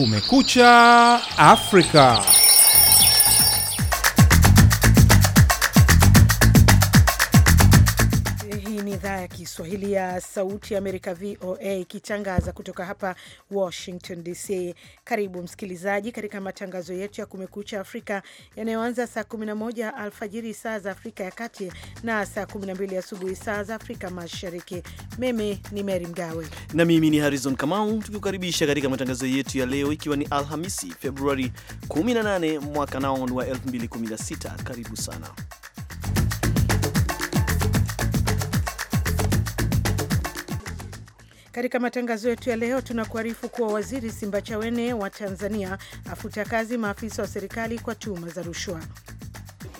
Kumekucha Afrika. Kiswahili ya Sauti ya Amerika, VOA, ikitangaza kutoka hapa Washington DC. Karibu msikilizaji katika matangazo yetu ya Kumekucha Afrika yanayoanza saa 11 alfajiri saa za Afrika ya Kati na saa 12 asubuhi saa za Afrika Mashariki. Mimi ni Mary Mgawe na mimi ni Harrison Kamau, tukikukaribisha katika matangazo yetu ya leo, ikiwa ni Alhamisi Februari 18 mwaka naon wa 2016. Karibu sana Katika matangazo yetu ya leo, tunakuarifu kuwa waziri Simbachawene wa Tanzania afuta kazi maafisa wa serikali kwa tuhuma za rushwa.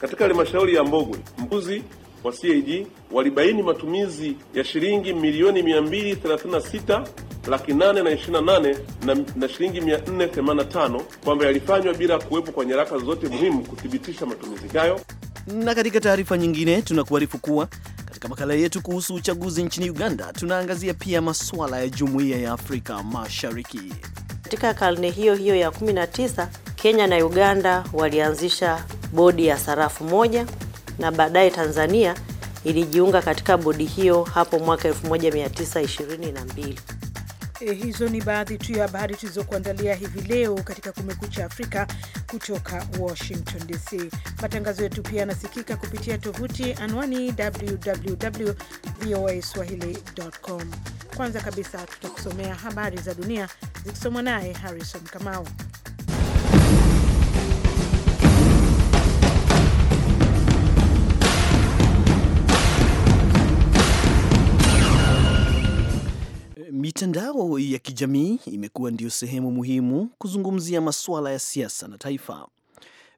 Katika halmashauri ya Mbogwe, mbuzi wa CAG walibaini matumizi ya shilingi milioni 236 laki 8 na 28 na na shilingi 485 kwamba yalifanywa bila kuwepo kwa nyaraka zote muhimu kuthibitisha matumizi hayo. Na katika taarifa nyingine tunakuarifu kuwa katika makala yetu kuhusu uchaguzi nchini Uganda tunaangazia pia masuala ya jumuiya ya Afrika Mashariki. Katika karne hiyo hiyo ya 19 Kenya na Uganda walianzisha bodi ya sarafu moja na baadaye Tanzania ilijiunga katika bodi hiyo hapo mwaka 1922. E, hizo ni baadhi tu ya habari tulizokuandalia hivi leo katika Kumekucha Afrika kutoka Washington DC. Matangazo yetu pia yanasikika kupitia tovuti anwani www voa swahilicom Kwanza kabisa tutakusomea habari za dunia zikisomwa naye Harrison Kamau. Mitandao ya kijamii imekuwa ndiyo sehemu muhimu kuzungumzia masuala ya siasa na taifa.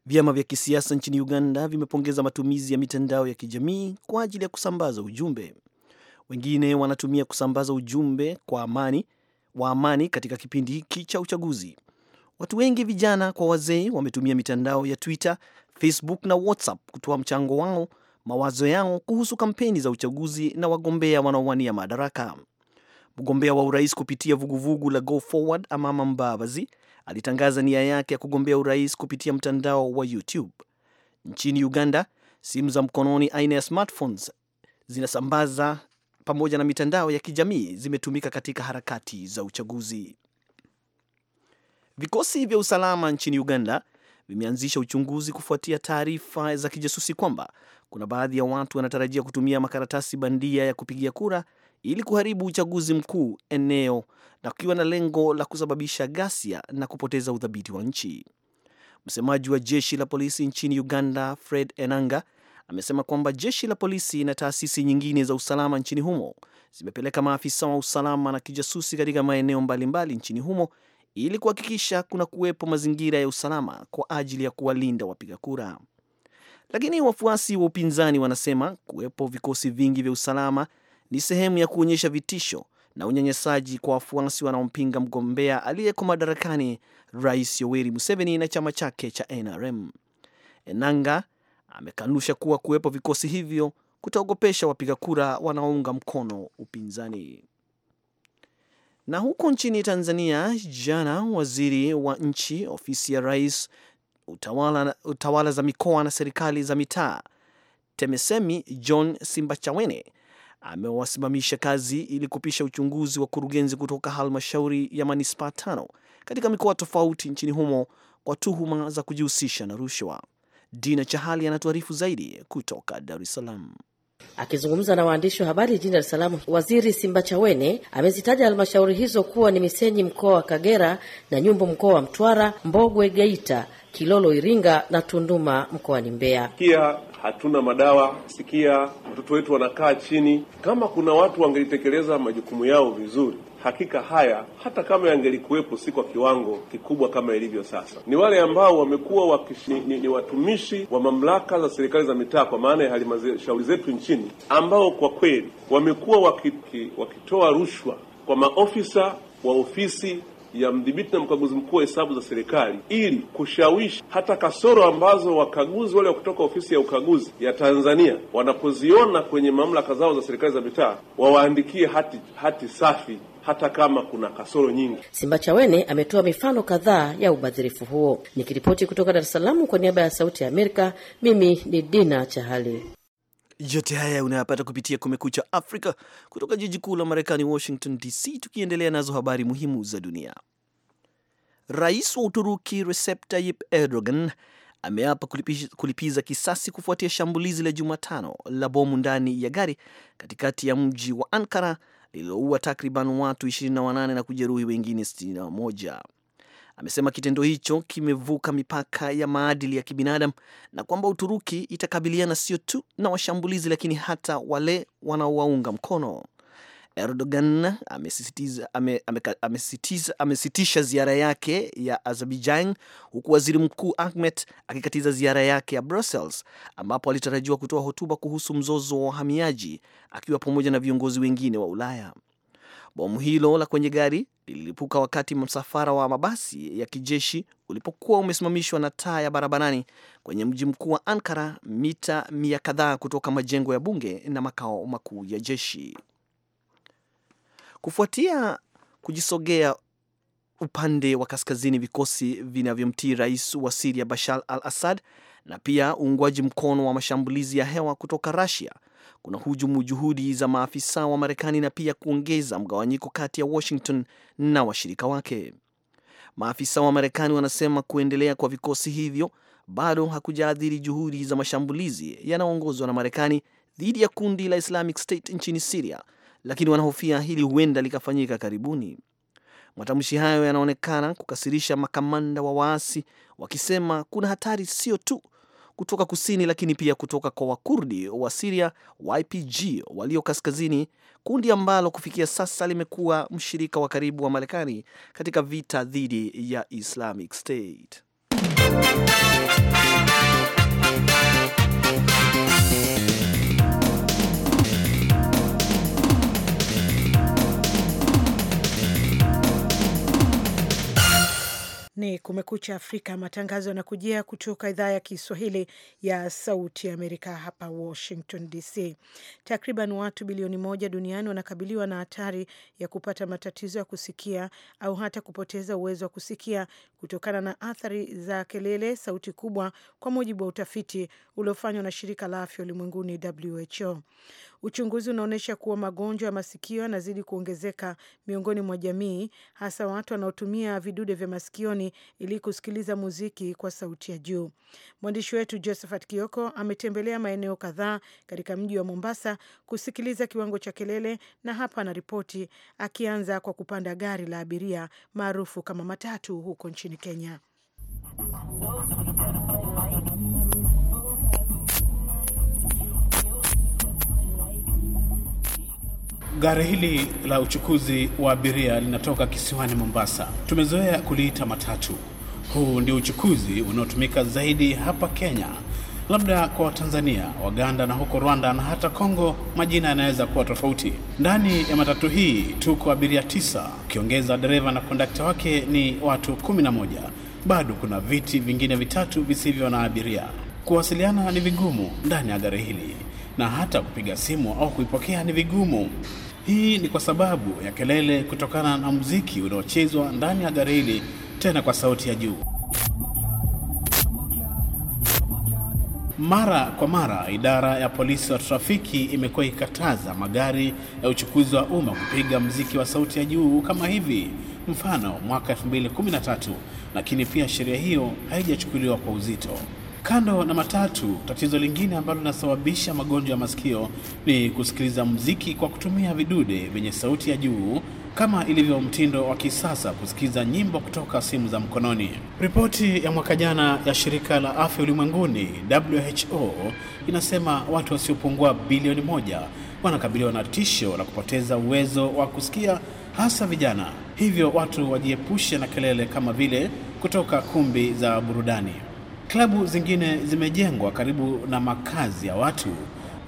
Vyama vya kisiasa nchini Uganda vimepongeza matumizi ya mitandao ya kijamii kwa ajili ya kusambaza ujumbe. Wengine wanatumia kusambaza ujumbe kwa amani, wa amani katika kipindi hiki cha uchaguzi. Watu wengi, vijana kwa wazee, wametumia mitandao ya Twitter, Facebook na WhatsApp kutoa mchango wao, mawazo yao kuhusu kampeni za uchaguzi na wagombea wanaowania madaraka. Mgombea wa urais kupitia vuguvugu la Go Forward Amama Mbabazi alitangaza nia yake ya kugombea urais kupitia mtandao wa YouTube. Nchini Uganda, simu za mkononi aina ya smartphones zinasambaza pamoja na mitandao ya kijamii zimetumika katika harakati za uchaguzi. Vikosi vya usalama nchini Uganda vimeanzisha uchunguzi kufuatia taarifa za kijasusi kwamba kuna baadhi ya watu wanatarajia kutumia makaratasi bandia ya kupigia kura ili kuharibu uchaguzi mkuu eneo na kukiwa na lengo la kusababisha ghasia na kupoteza udhabiti wa nchi. Msemaji wa jeshi la polisi nchini Uganda, Fred Enanga, amesema kwamba jeshi la polisi na taasisi nyingine za usalama nchini humo zimepeleka maafisa wa usalama na kijasusi katika maeneo mbalimbali nchini humo ili kuhakikisha kuna kuwepo mazingira ya usalama kwa ajili ya kuwalinda wapiga kura. Lakini wafuasi wa upinzani wanasema kuwepo vikosi vingi vya usalama ni sehemu ya kuonyesha vitisho na unyanyasaji kwa wafuasi wanaompinga mgombea aliyeko madarakani Rais Yoweri Museveni na chama chake cha NRM. Enanga amekanusha kuwa kuwepo vikosi hivyo kutaogopesha wapiga kura wanaounga mkono upinzani. Na huko nchini Tanzania, jana waziri wa nchi ofisi ya rais utawala, utawala za mikoa na serikali za mitaa TEMESEMI John Simbachawene amewasimamisha kazi ili kupisha uchunguzi wa kurugenzi kutoka halmashauri ya manispaa tano katika mikoa tofauti nchini humo kwa tuhuma za kujihusisha na rushwa. Dina Chahali anatuarifu zaidi kutoka Dar es Salaam. Akizungumza na waandishi wa habari jijini Dar es Salaam, Waziri Simbachawene amezitaja halmashauri hizo kuwa ni Misenyi mkoa wa Kagera, na Nyumbu mkoa wa Mtwara, Mbogwe Geita, Kilolo Iringa na Tunduma mkoani Mbeya. Pia hatuna madawa sikia, watoto wetu wanakaa chini. Kama kuna watu wangelitekeleza majukumu yao vizuri, hakika haya hata kama yangelikuwepo, si kwa kiwango kikubwa kama ilivyo sasa. Ni wale ambao wamekuwa ni, ni, ni watumishi wa mamlaka za serikali za mitaa, kwa maana ya halmashauri zetu nchini, ambao kwa kweli wamekuwa wakitoa rushwa kwa maofisa wa ofisi ya mdhibiti na mkaguzi mkuu wa hesabu za serikali ili kushawishi hata kasoro ambazo wakaguzi wale wa kutoka ofisi ya ukaguzi ya Tanzania wanapoziona kwenye mamlaka zao za serikali za mitaa wawaandikie hati, hati safi hata kama kuna kasoro nyingi. Simba Chawene ametoa mifano kadhaa ya ubadhirifu huo. Nikiripoti kutoka Dar es Salaam kwa niaba ya Sauti ya Amerika, mimi ni Dina Chahali. Yote haya unayapata kupitia Kumekucha Afrika kutoka jiji kuu la Marekani, Washington DC. Tukiendelea nazo habari muhimu za dunia, rais wa Uturuki Recep Tayyip Erdogan ameapa kulipiza kisasi kufuatia shambulizi la Jumatano la bomu ndani ya gari katikati ya mji wa Ankara lililoua takriban watu 28 na kujeruhi wengine 61 amesema kitendo hicho kimevuka mipaka ya maadili ya kibinadamu na kwamba Uturuki itakabiliana sio tu na washambulizi, lakini hata wale wanaowaunga mkono. Erdogan amesitisha ame, ame, ame ziara yake ya Azerbaijan huku waziri mkuu Ahmet akikatiza ziara yake ya Brussels ambapo alitarajiwa kutoa hotuba kuhusu mzozo wa wahamiaji akiwa pamoja na viongozi wengine wa Ulaya. Bomu hilo la kwenye gari lililipuka wakati msafara wa mabasi ya kijeshi ulipokuwa umesimamishwa na taa ya barabarani kwenye mji mkuu wa Ankara, mita mia kadhaa kutoka majengo ya bunge na makao makuu ya jeshi. Kufuatia kujisogea upande wa kaskazini vikosi vinavyomtii rais wa Siria Bashar al Assad na pia uungwaji mkono wa mashambulizi ya hewa kutoka Russia kuna hujumu juhudi za maafisa wa Marekani na pia kuongeza mgawanyiko kati ya Washington na washirika wake. Maafisa wa Marekani wanasema kuendelea kwa vikosi hivyo bado hakujaathiri juhudi za mashambulizi yanayoongozwa na Marekani dhidi ya kundi la Islamic State nchini Siria, lakini wanahofia hili huenda likafanyika karibuni. Matamshi hayo yanaonekana kukasirisha makamanda wa waasi, wakisema kuna hatari sio tu kutoka kusini, lakini pia kutoka kwa Wakurdi wa Siria YPG walio kaskazini, kundi ambalo kufikia sasa limekuwa mshirika wa karibu wa Marekani katika vita dhidi ya Islamic State. ni Kumekucha Afrika. Matangazo yanakujia kutoka idhaa ya Kiswahili ya Sauti Amerika hapa Washington DC. Takriban watu bilioni moja duniani wanakabiliwa na hatari ya kupata matatizo ya kusikia au hata kupoteza uwezo wa kusikia kutokana na athari za kelele, sauti kubwa, kwa mujibu wa utafiti uliofanywa na Shirika la Afya Ulimwenguni, WHO. Uchunguzi unaonyesha kuwa magonjwa ya masikio yanazidi kuongezeka miongoni mwa jamii, hasa watu wanaotumia vidude vya masikioni ili kusikiliza muziki kwa sauti ya juu. Mwandishi wetu Josephat Kioko ametembelea maeneo kadhaa katika mji wa Mombasa kusikiliza kiwango cha kelele, na hapa ripoti akianza kwa kupanda gari la abiria maarufu kama matatu huko nchini Kenya. Gari hili la uchukuzi wa abiria linatoka kisiwani Mombasa. Tumezoea kuliita matatu. Huu ndio uchukuzi unaotumika zaidi hapa Kenya. Labda kwa Tanzania, Waganda na huko Rwanda na hata Kongo, majina yanaweza kuwa tofauti. Ndani ya matatu hii tuko abiria tisa, ukiongeza dereva na kondakta wake ni watu kumi na moja. Bado kuna viti vingine vitatu visivyo na abiria. Kuwasiliana ni vigumu ndani ya gari hili na hata kupiga simu au kuipokea ni vigumu. Hii ni kwa sababu ya kelele kutokana na muziki unaochezwa ndani ya gari hili, tena kwa sauti ya juu. Mara kwa mara idara ya polisi wa trafiki imekuwa ikikataza magari ya uchukuzi wa umma kupiga mziki wa sauti ya juu kama hivi, mfano mwaka 2013, lakini pia sheria hiyo haijachukuliwa kwa uzito. Kando na matatu, tatizo lingine ambalo linasababisha magonjwa ya masikio ni kusikiliza mziki kwa kutumia vidude vyenye sauti ya juu kama ilivyo mtindo wa kisasa kusikiza nyimbo kutoka simu za mkononi. Ripoti ya mwaka jana ya shirika la afya ulimwenguni WHO inasema watu wasiopungua bilioni moja wanakabiliwa na tisho la kupoteza uwezo wa kusikia, hasa vijana. Hivyo watu wajiepushe na kelele kama vile kutoka kumbi za burudani. Klabu zingine zimejengwa karibu na makazi ya watu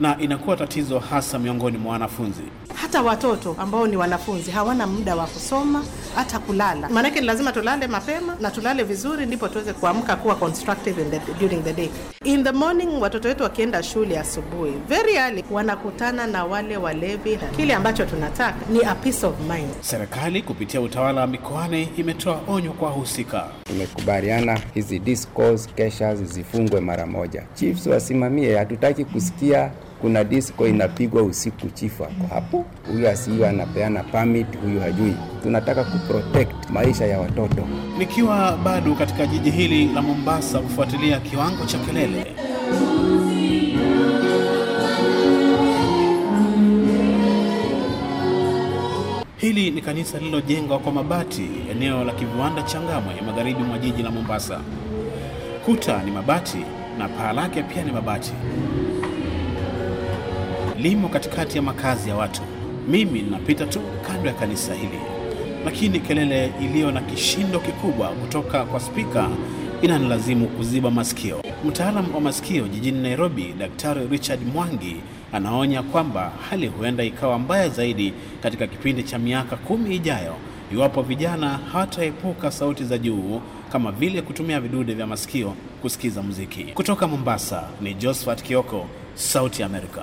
na inakuwa tatizo hasa miongoni mwa wanafunzi. Hata watoto ambao ni wanafunzi hawana muda wa kusoma hata kulala, maanake ni lazima tulale mapema na tulale vizuri, ndipo tuweze kuamka kuwa constructive in the, during the day. In the morning, watoto wetu wakienda shule asubuhi very early, wanakutana na wale walevi. Kile ambacho tunataka ni a peace of mind. Serikali kupitia utawala wa mikoani imetoa onyo kwa husika Tumekubaliana hizi discos, keshas zifungwe mara moja, chiefs wasimamie, hatutaki kusikia kuna disco inapigwa usiku, chifu ako hapo, huyu asiyo anapeana permit, huyu hajui. Tunataka kuprotect maisha ya watoto. Nikiwa bado katika jiji hili la Mombasa kufuatilia kiwango cha kelele Hili ni kanisa lililojengwa kwa mabati eneo la kiviwanda cha Ngamwe, magharibi mwa jiji la Mombasa. Kuta ni mabati na paa lake pia ni mabati limo katikati ya makazi ya watu. Mimi ninapita tu kando ya kanisa hili, lakini kelele iliyo na kishindo kikubwa kutoka kwa spika inanilazimu kuziba masikio. Mtaalamu wa masikio jijini Nairobi, Daktari Richard Mwangi anaonya kwamba hali huenda ikawa mbaya zaidi katika kipindi cha miaka kumi ijayo iwapo vijana hawataepuka sauti za juu kama vile kutumia vidude vya masikio kusikiza muziki. Kutoka Mombasa ni Josephat Kioko, Sauti ya Amerika.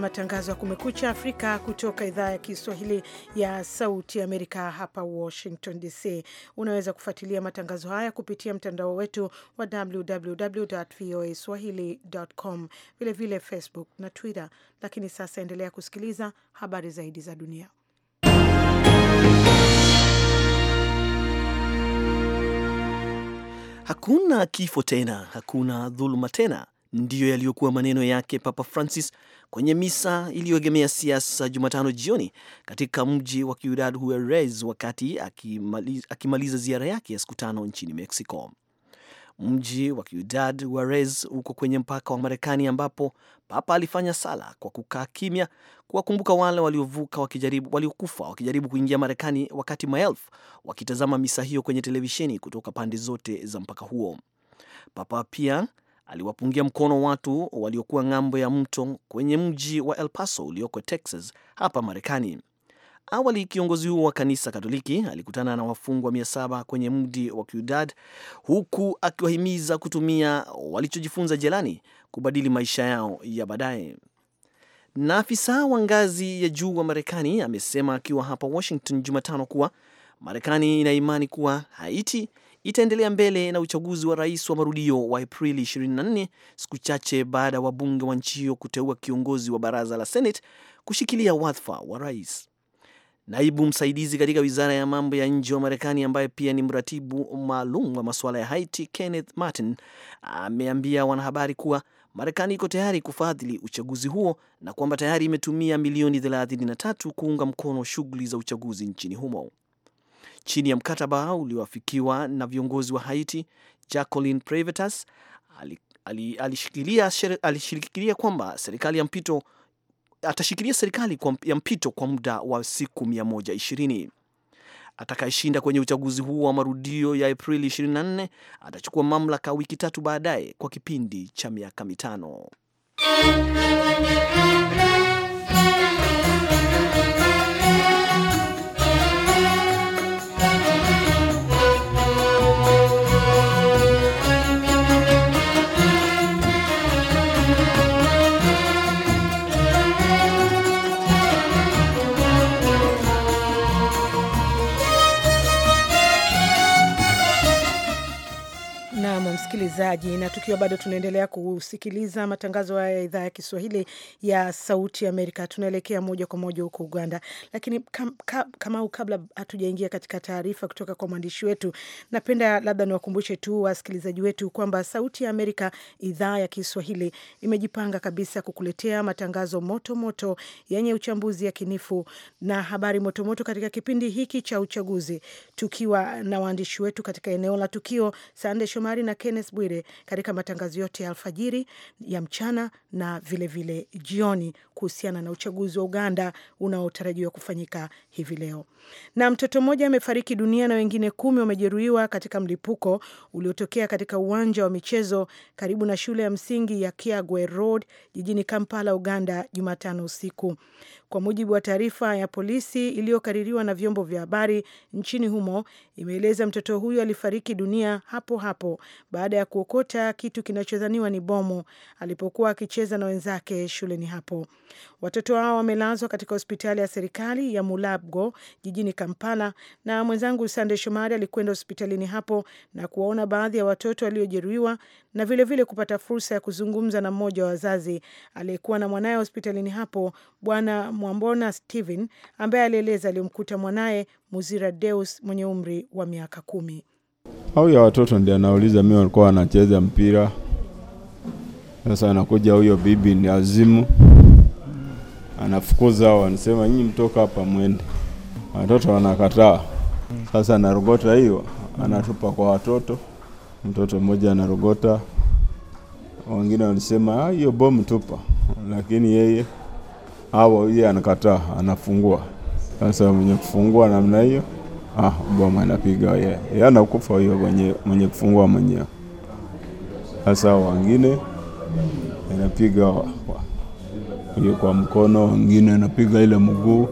matangazo ya Kumekucha Afrika kutoka idhaa ya Kiswahili ya Sauti Amerika hapa Washington DC. Unaweza kufuatilia matangazo haya kupitia mtandao wetu wa www voa swahili.com, vilevile Facebook na Twitter. Lakini sasa endelea kusikiliza habari zaidi za dunia. Hakuna kifo tena, hakuna dhuluma tena Ndiyo yaliyokuwa maneno yake Papa Francis kwenye misa iliyoegemea siasa Jumatano jioni katika mji wa Ciudad Juarez, wakati akimaliza, akimaliza ziara yake ya siku tano nchini Mexico. Mji wa Ciudad Juarez uko kwenye mpaka wa Marekani, ambapo Papa alifanya sala kwa kukaa kimya kuwakumbuka wale waliovuka wakijaribu, waliokufa wakijaribu kuingia Marekani, wakati maelfu wakitazama misa hiyo kwenye televisheni kutoka pande zote za mpaka huo. Papa pia aliwapungia mkono watu waliokuwa ng'ambo ya mto kwenye mji wa El Paso ulioko Texas hapa Marekani. Awali kiongozi huo wa kanisa Katoliki alikutana na wafungwa mia saba kwenye mji wa Ciudad, huku akiwahimiza kutumia walichojifunza jelani kubadili maisha yao ya baadaye. Na afisa wa ngazi ya juu wa Marekani amesema akiwa hapa Washington Jumatano kuwa Marekani ina imani kuwa Haiti itaendelea mbele na uchaguzi wa rais wa marudio wa Aprili 24 siku chache baada ya wabunge wa nchi hiyo kuteua kiongozi wa baraza la Senate kushikilia wadhifa wa rais. Naibu msaidizi katika wizara ya mambo ya nje wa Marekani ambaye pia ni mratibu maalum wa masuala ya Haiti, Kenneth Martin ameambia wanahabari kuwa Marekani iko tayari kufadhili uchaguzi huo na kwamba tayari imetumia milioni 33 kuunga mkono shughuli za uchaguzi nchini humo chini ya mkataba ulioafikiwa na viongozi wa Haiti. Jacqueline Prevetas alishikilia kwamba serikali ya mpito atashikilia serikali kwa, ya mpito kwa muda wa siku 120. Atakayeshinda kwenye uchaguzi huo wa marudio ya Aprili 24 atachukua mamlaka wiki tatu baadaye kwa kipindi cha miaka mitano. msikilizaji, na tukiwa bado tunaendelea kusikiliza matangazo haya ya idhaa ya Kiswahili ya Sauti Amerika, tunaelekea moja kwa moja huko Uganda. Lakini kam, kam, Kamau, kabla hatujaingia katika taarifa kutoka kwa mwandishi wetu, napenda labda niwakumbushe tu wasikilizaji wetu kwamba Sauti ya Amerika idhaa ya Kiswahili imejipanga kabisa kukuletea matangazo motomoto moto, yenye uchambuzi yakinifu na habari motomoto katika kipindi hiki cha uchaguzi, tukiwa na waandishi wetu katika eneo la tukio, Sande Shomari na Kenneth Kenneth Bwire katika matangazo yote ya alfajiri, ya mchana na vilevile vile jioni kuhusiana na uchaguzi wa Uganda unaotarajiwa kufanyika hivi leo. Na mtoto mmoja amefariki dunia na wengine kumi wamejeruhiwa katika mlipuko uliotokea katika uwanja wa michezo karibu na shule ya msingi ya Kiagwe Road jijini Kampala, Uganda, Jumatano usiku. Kwa mujibu wa taarifa ya polisi iliyokaririwa na vyombo vya habari nchini humo, imeeleza mtoto huyo alifariki dunia hapo hapo baada ya kuokota kitu kinachodhaniwa ni bomu alipokuwa akicheza na wenzake shuleni hapo. Watoto hao wamelazwa katika hospitali ya serikali ya Mulabgo jijini Kampala, na mwenzangu Sande Shomari alikwenda hospitalini hapo na kuwaona baadhi ya watoto waliojeruhiwa na vilevile vile kupata fursa ya kuzungumza na mmoja wa wazazi aliyekuwa na mwanaye hospitalini hapo, Bwana Mwambona Steven ambaye alieleza aliyomkuta mwanaye Muzira Deus mwenye umri wa miaka kumi. Au ya watoto ndio anauliza, mimi walikuwa wanacheza mpira, sasa anakuja huyo bibi ni azimu, anafukuza hao, anasema nyinyi mtoka hapa mwende, watoto wanakataa. Sasa anarogota hiyo, anatupa kwa watoto. Mtoto mmoja anarogota, wengine wanasema ah, hiyo bomu tupa, lakini yeye hapo, yeye anakataa, anafungua. Sasa mwenye kufungua namna hiyo, ah, boma anapiga yeye, yeye anakufa huyo mwenye mwenye kufungua mwenyewe. Sasa wengine anapiga hiyo kwa mkono, wengine anapiga ile mguu,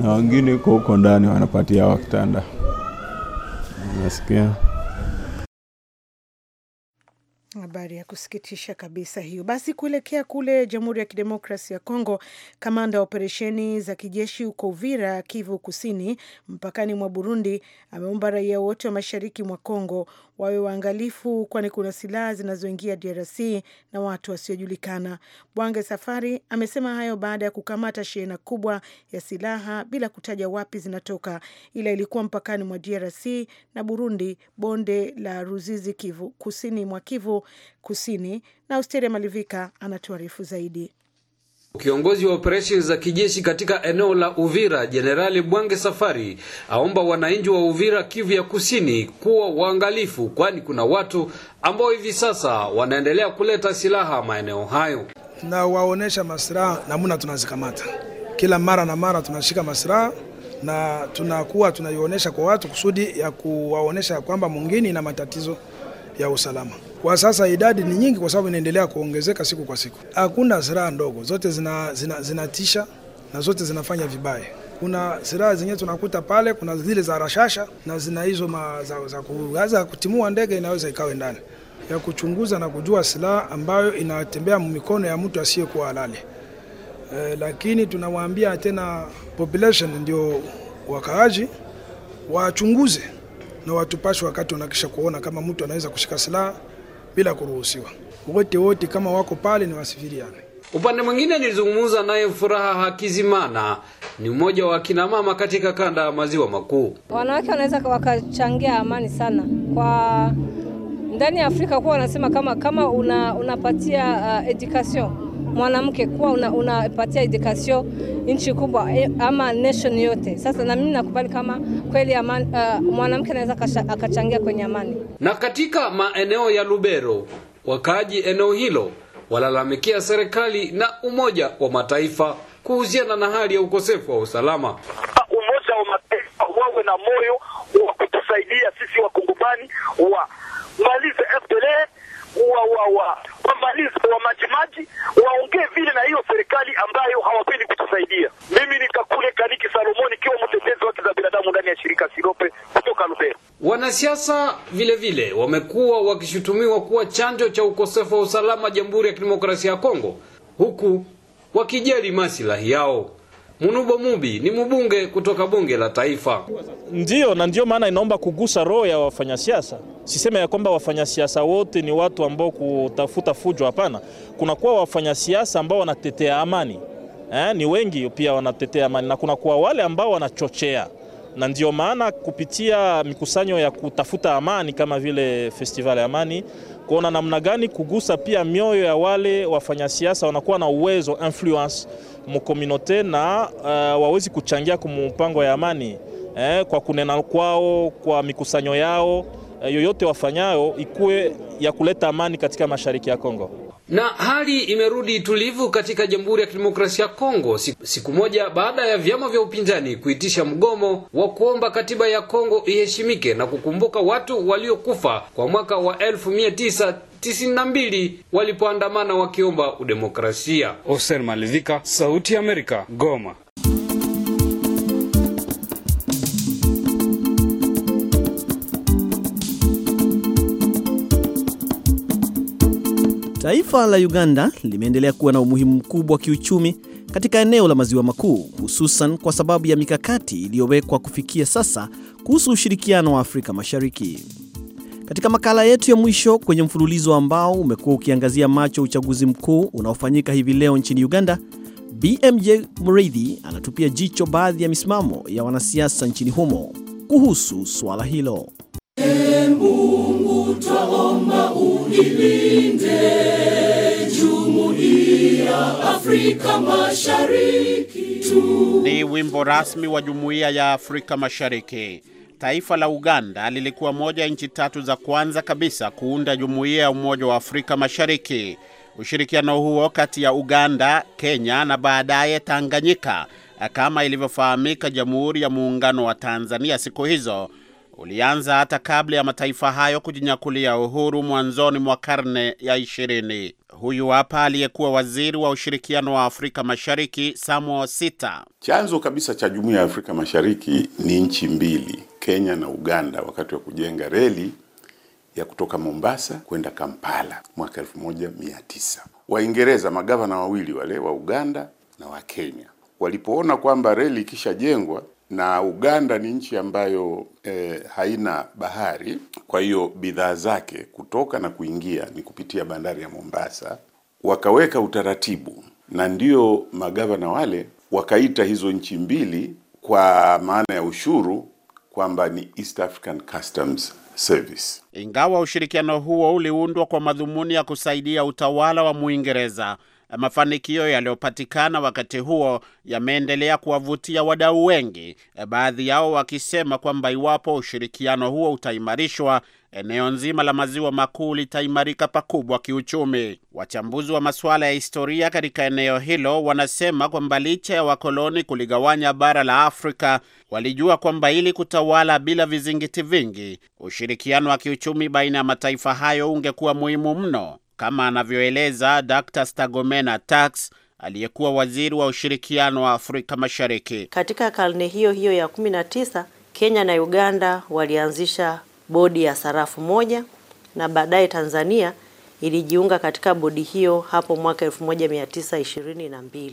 na wengine huko huko ndani wanapatia wakitanda, nasikia habari ya kusikitisha kabisa hiyo. Basi kuelekea kule Jamhuri ya Kidemokrasi ya Kongo, kamanda wa operesheni za kijeshi huko Uvira, Kivu Kusini, mpakani mwa Burundi, ameomba raia wote wa mashariki mwa Kongo wawe waangalifu, kwani kuna silaha zinazoingia DRC na watu wasiojulikana. Bwange Safari amesema hayo baada ya kukamata shehena kubwa ya silaha bila kutaja wapi zinatoka, ila ilikuwa mpakani mwa DRC na Burundi, bonde la Ruzizi, Kivu kusini mwa Kivu Kusini. Na Austeria Malivika anatuarifu zaidi. Kiongozi wa operesheni za kijeshi katika eneo la Uvira, Jenerali Bwange Safari aomba wananchi wa Uvira, Kivu ya Kusini, kuwa waangalifu, kwani kuna watu ambao hivi sasa wanaendelea kuleta silaha maeneo hayo na waonesha masiraha namuna tunazikamata kila mara na mara tunashika masiraha na tunakuwa tunaionyesha kwa watu kusudi ya kuwaonesha kwamba mwingine ina matatizo ya usalama. Kwa sasa idadi ni nyingi, kwa sababu inaendelea kuongezeka siku kwa siku. Hakuna silaha ndogo, zote zina, zina, na zote zinafanya vibaya. Kuna silaha zenyewe tunakuta pale, kuna zile za rashasha na zina hizo za, za, kutimua ndege, inaweza ikawe ndani ya kuchunguza na kujua silaha ambayo inatembea mikono ya mtu asiyekuwa halali. E, lakini tunawaambia tena population ndio wakaaji wachunguze na watupashe wakati wanakisha kuona kama mtu anaweza kushika silaha bila kuruhusiwa. Wote wote kama wako pale ni wasifiriane. Upande mwingine nilizungumza naye Furaha Hakizimana, ni mmoja wa kina mama katika kanda ya maziwa makuu. Wanawake wanaweza wakachangia amani sana kwa ndani ya Afrika kuwa wanasema kama kama una, unapatia uh, education mwanamke kuwa unapatia education nchi kubwa e, ama nation yote. Sasa na mimi nakubali kama kweli amani, uh, mwanamke anaweza akachangia kwenye amani. Na katika maeneo ya Lubero, wakaaji eneo hilo walalamikia serikali na Umoja wa Mataifa kuhusiana na hali ya ukosefu wa usalama. Umoja wa Mataifa wawe na moyo wa kutusaidia sisi wakongomani wa malize FDL wa wa, wa, wa majimaji waongee vile na hiyo serikali ambayo hawapendi kutusaidia. Wanasiasa vile vile wamekuwa wakishutumiwa kuwa chanjo cha ukosefu wa usalama Jamhuri ya Kidemokrasia ya Kongo, huku wakijali maslahi yao. Munubo Mubi ni mbunge kutoka bunge la taifa. Ndiyo, na ndiyo maana inaomba kugusa roho ya wafanyasiasa. Siseme ya kwamba wafanyasiasa wote ni watu ambao kutafuta fujo, hapana. kuna kuwa wafanyasiasa ambao wanatetea amani eh, ni wengi pia wanatetea amani, na kuna kuwa wale ambao wanachochea na ndio maana kupitia mikusanyo ya kutafuta amani kama vile festival ya amani, kuona namna gani kugusa pia mioyo ya wale wafanyasiasa wanakuwa na uwezo influence mkomunote na uh, wawezi kuchangia kumupango ya amani eh, kwa kunena kwao, kwa mikusanyo yao eh, yoyote wafanyayo ikuwe ya kuleta amani katika mashariki ya Kongo. Na hali imerudi tulivu katika Jamhuri ya Kidemokrasia ya Kongo siku moja baada ya vyama vya upinzani kuitisha mgomo wa kuomba katiba ya Kongo iheshimike na kukumbuka watu waliokufa kwa mwaka wa 1992 walipoandamana wakiomba udemokrasia. Osen Malivika, Sauti ya Amerika, Goma. Taifa la Uganda limeendelea kuwa na umuhimu mkubwa wa kiuchumi katika eneo la maziwa makuu, hususan kwa sababu ya mikakati iliyowekwa kufikia sasa kuhusu ushirikiano wa Afrika Mashariki. Katika makala yetu ya mwisho kwenye mfululizo ambao umekuwa ukiangazia macho uchaguzi mkuu unaofanyika hivi leo nchini Uganda, BMJ Muriithi anatupia jicho baadhi ya misimamo ya wanasiasa nchini humo kuhusu swala hilo. E Mungu, twaomba Afrika Mashariki tu. Ni wimbo rasmi wa Jumuiya ya Afrika Mashariki. Taifa la Uganda lilikuwa moja ya nchi tatu za kwanza kabisa kuunda Jumuiya ya Umoja wa Afrika Mashariki. Ushirikiano huo kati ya Uganda, Kenya na baadaye Tanganyika, kama ilivyofahamika Jamhuri ya Muungano wa Tanzania siku hizo, ulianza hata kabla ya mataifa hayo kujinyakulia uhuru mwanzoni mwa karne ya ishirini. Huyu hapa aliyekuwa waziri wa ushirikiano wa Afrika Mashariki Samuel Sita. Chanzo kabisa cha Jumuiya ya Afrika Mashariki ni nchi mbili, Kenya na Uganda, wakati wa kujenga reli ya kutoka Mombasa kwenda Kampala mwaka tisa. Waingereza, magavana wawili wale wa Uganda na wa Kenya, walipoona kwamba reli ikishajengwa na Uganda ni nchi ambayo e, haina bahari. Kwa hiyo bidhaa zake kutoka na kuingia ni kupitia bandari ya Mombasa. Wakaweka utaratibu, na ndio magavana wale wakaita hizo nchi mbili kwa maana ya ushuru kwamba ni East African Customs Service. Ingawa ushirikiano huo uliundwa kwa madhumuni ya kusaidia utawala wa Muingereza mafanikio yaliyopatikana wakati huo yameendelea kuwavutia wadau wengi, baadhi yao wakisema kwamba iwapo ushirikiano huo utaimarishwa, eneo nzima la maziwa makuu litaimarika pakubwa kiuchumi. Wachambuzi wa masuala ya historia katika eneo hilo wanasema kwamba licha ya wakoloni kuligawanya bara la Afrika, walijua kwamba ili kutawala bila vizingiti vingi, ushirikiano wa kiuchumi baina ya mataifa hayo ungekuwa muhimu mno kama anavyoeleza Dr. Stagomena Tax aliyekuwa waziri wa ushirikiano wa Afrika Mashariki. Katika karne hiyo hiyo ya 19 Kenya na Uganda walianzisha bodi ya sarafu moja na baadaye Tanzania ilijiunga katika bodi hiyo hapo mwaka 1922.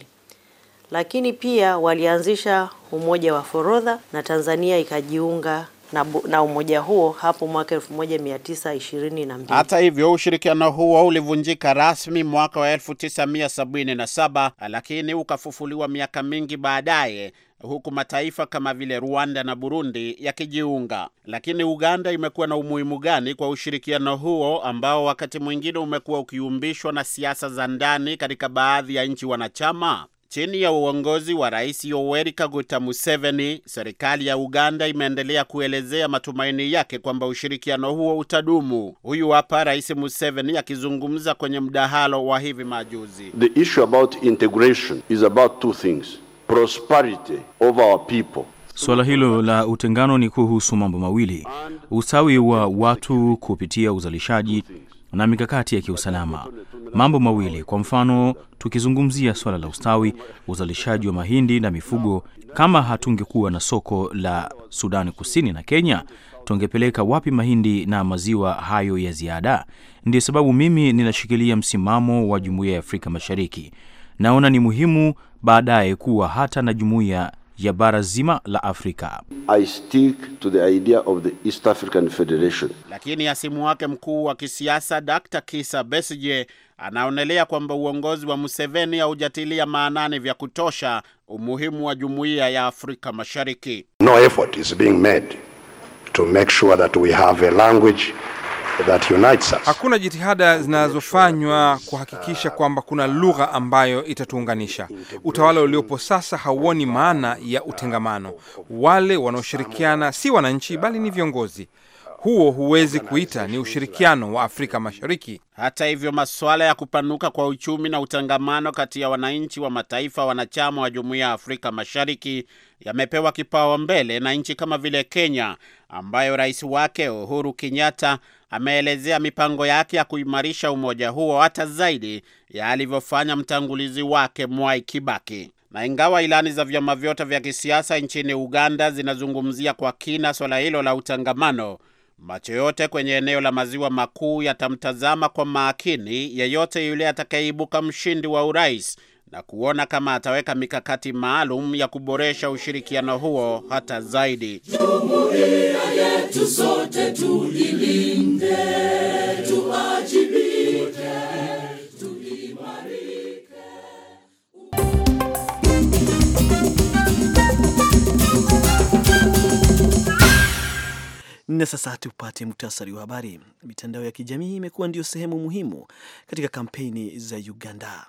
Lakini pia walianzisha umoja wa forodha na Tanzania ikajiunga na, na umoja huo hapo mwaka 1922. Hata hivyo, ushirikiano huo ulivunjika rasmi mwaka wa 1977 lakini ukafufuliwa miaka mingi baadaye huku mataifa kama vile Rwanda na Burundi yakijiunga. Lakini Uganda imekuwa na umuhimu gani kwa ushirikiano huo ambao wakati mwingine umekuwa ukiumbishwa na siasa za ndani katika baadhi ya nchi wanachama? Chini ya uongozi wa Rais Yoweri Kaguta Museveni, serikali ya Uganda imeendelea kuelezea matumaini yake kwamba ushirikiano huo utadumu. Huyu hapa Rais Museveni akizungumza kwenye mdahalo wa hivi majuzi. The issue about integration is about two things. Prosperity of our people. Suala hilo la utengano ni kuhusu mambo mawili: ustawi wa watu kupitia uzalishaji na mikakati ya kiusalama. Mambo mawili kwa mfano, tukizungumzia swala la ustawi, uzalishaji wa mahindi na mifugo, kama hatungekuwa na soko la Sudani Kusini na Kenya, tungepeleka wapi mahindi na maziwa hayo ya ziada? Ndiyo sababu mimi ninashikilia msimamo wa Jumuiya ya Afrika Mashariki. Naona ni muhimu baadaye kuwa hata na jumuiya ya bara zima la Afrika. I stick to the idea of the East African Federation. Lakini hasimu wake mkuu wa kisiasa Dr. Kisa Besije anaonelea kwamba uongozi wa Museveni haujatilia maanani vya kutosha umuhimu wa jumuiya ya Afrika Mashariki. No effort is being made to make sure that we have a language that unites us. Hakuna jitihada zinazofanywa kuhakikisha kwamba kuna lugha ambayo itatuunganisha. Utawala uliopo sasa hauoni maana ya utengamano. Wale wanaoshirikiana si wananchi bali ni viongozi. Huo huwezi kuita ni ushirikiano wa Afrika Mashariki. Hata hivyo, masuala ya kupanuka kwa uchumi na utangamano kati ya wananchi wa mataifa wanachama wa Jumuiya ya Afrika Mashariki yamepewa kipaumbele na nchi kama vile Kenya ambayo rais wake Uhuru Kenyatta ameelezea mipango yake ya kuimarisha umoja huo hata zaidi ya alivyofanya mtangulizi wake Mwai Kibaki. Na ingawa ilani za vyama vyote vya kisiasa nchini Uganda zinazungumzia kwa kina swala hilo la utangamano, macho yote kwenye eneo la maziwa makuu yatamtazama kwa makini yeyote yule atakayeibuka mshindi wa urais na kuona kama ataweka mikakati maalum ya kuboresha ushirikiano huo hata zaidi yetu sote tulilinde, tuajibike, Na sasa tupate mktasari wa habari. Mitandao ya kijamii imekuwa ndiyo sehemu muhimu katika kampeni za Uganda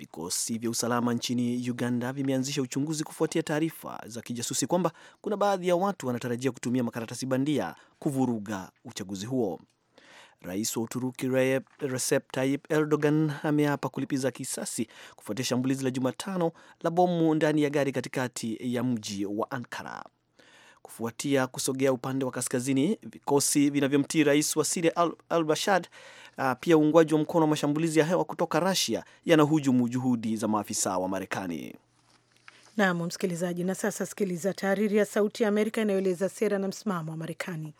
Vikosi vya usalama nchini Uganda vimeanzisha uchunguzi kufuatia taarifa za kijasusi kwamba kuna baadhi ya watu wanatarajia kutumia makaratasi bandia kuvuruga uchaguzi huo. Rais wa Uturuki Recep Tayyip Erdogan ameapa kulipiza kisasi kufuatia shambulizi la Jumatano la bomu ndani ya gari katikati ya mji wa Ankara. Kufuatia kusogea upande wa kaskazini, vikosi vinavyomtii rais wa Siria al, al Bashad uh, pia uungwaji wa mkono wa mashambulizi ya hewa kutoka Russia yanahujumu juhudi za maafisa wa Marekani. Naam msikilizaji, na sasa sikiliza tahariri ya Sauti ya Amerika inayoeleza sera na msimamo wa Marekani.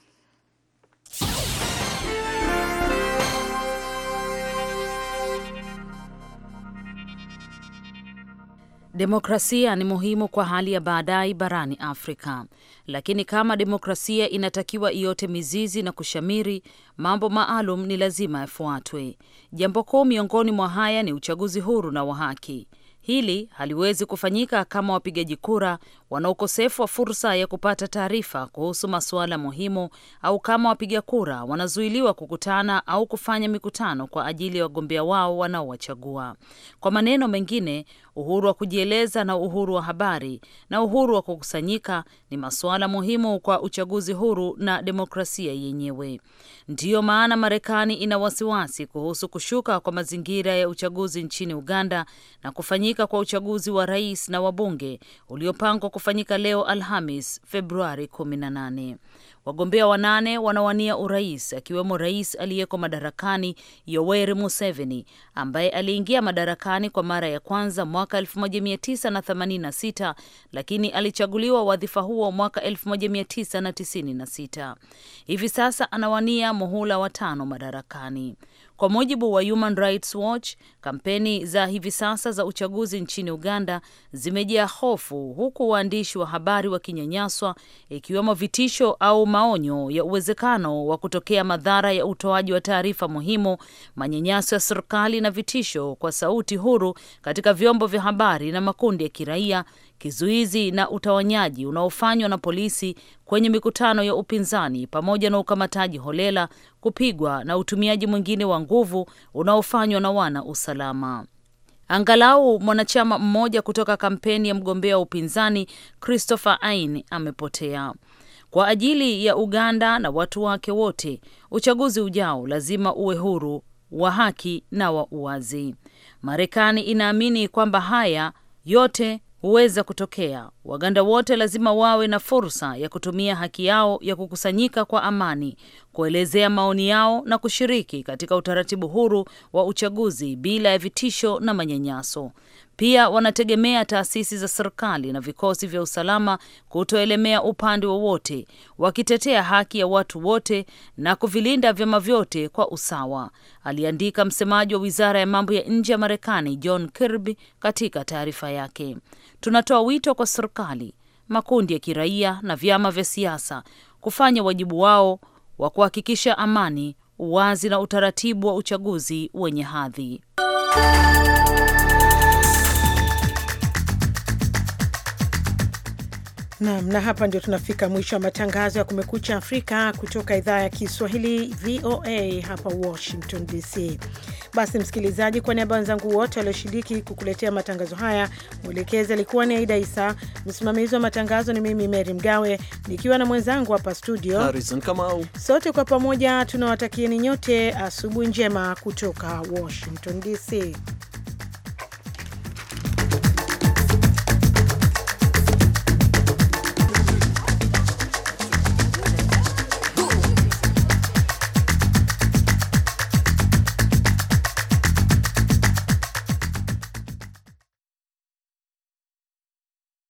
Demokrasia ni muhimu kwa hali ya baadaye barani Afrika, lakini kama demokrasia inatakiwa iote mizizi na kushamiri, mambo maalum ni lazima yafuatwe. Jambo kuu miongoni mwa haya ni uchaguzi huru na wa haki. Hili haliwezi kufanyika kama wapigaji kura wana ukosefu wa fursa ya kupata taarifa kuhusu masuala muhimu au kama wapiga kura wanazuiliwa kukutana au kufanya mikutano kwa ajili ya wagombea wao wanaowachagua. Kwa maneno mengine, uhuru wa kujieleza na uhuru wa habari na uhuru wa kukusanyika ni masuala muhimu kwa uchaguzi huru na demokrasia yenyewe. Ndiyo maana Marekani ina wasiwasi kuhusu kushuka kwa mazingira ya uchaguzi nchini Uganda na kufanyika kwa uchaguzi wa rais na wabunge uliopangwa kufanyika leo Alhamis, Februari 18. Wagombea wanane wanawania urais, akiwemo rais aliyeko madarakani Yoweri Museveni ambaye aliingia madarakani kwa mara ya kwanza mwaka 1986 lakini alichaguliwa wadhifa huo mwaka 1996. Hivi sasa anawania muhula wa tano madarakani. Kwa mujibu wa Human Rights Watch, kampeni za hivi sasa za uchaguzi nchini Uganda zimejaa hofu, huku waandishi wa habari wakinyanyaswa, ikiwemo vitisho au maonyo ya uwezekano wa kutokea madhara ya utoaji wa taarifa muhimu, manyanyaso ya serikali na vitisho kwa sauti huru katika vyombo vya habari na makundi ya kiraia kizuizi na utawanyaji unaofanywa na polisi kwenye mikutano ya upinzani pamoja na ukamataji holela, kupigwa na utumiaji mwingine wa nguvu unaofanywa na wana usalama. Angalau mwanachama mmoja kutoka kampeni ya mgombea wa upinzani Christopher Ain amepotea. Kwa ajili ya Uganda na watu wake wote, uchaguzi ujao lazima uwe huru, wa haki na wa uwazi. Marekani inaamini kwamba haya yote huweza kutokea. Waganda wote lazima wawe na fursa ya kutumia haki yao ya kukusanyika kwa amani, kuelezea maoni yao na kushiriki katika utaratibu huru wa uchaguzi bila ya vitisho na manyanyaso. Pia wanategemea taasisi za serikali na vikosi vya usalama kutoelemea upande wowote, wa wakitetea haki ya watu wote na kuvilinda vyama vyote kwa usawa, aliandika msemaji wa wizara ya mambo ya nje ya Marekani John Kirby katika taarifa yake. Tunatoa wito kwa serikali, makundi ya kiraia na vyama vya siasa kufanya wajibu wao wa kuhakikisha amani, uwazi na utaratibu wa uchaguzi wenye hadhi. Naam, na hapa ndio tunafika mwisho wa matangazo ya Kumekucha Afrika kutoka idhaa ya Kiswahili VOA hapa Washington DC. Basi msikilizaji, kwa niaba wenzangu wote walioshiriki kukuletea matangazo haya, mwelekezi alikuwa ni Aida Isa, msimamizi wa matangazo ni mimi Mary Mgawe nikiwa na mwenzangu hapa studio Harrison Kamau. Sote kwa pamoja tunawatakieni nyote asubuhi njema kutoka Washington DC.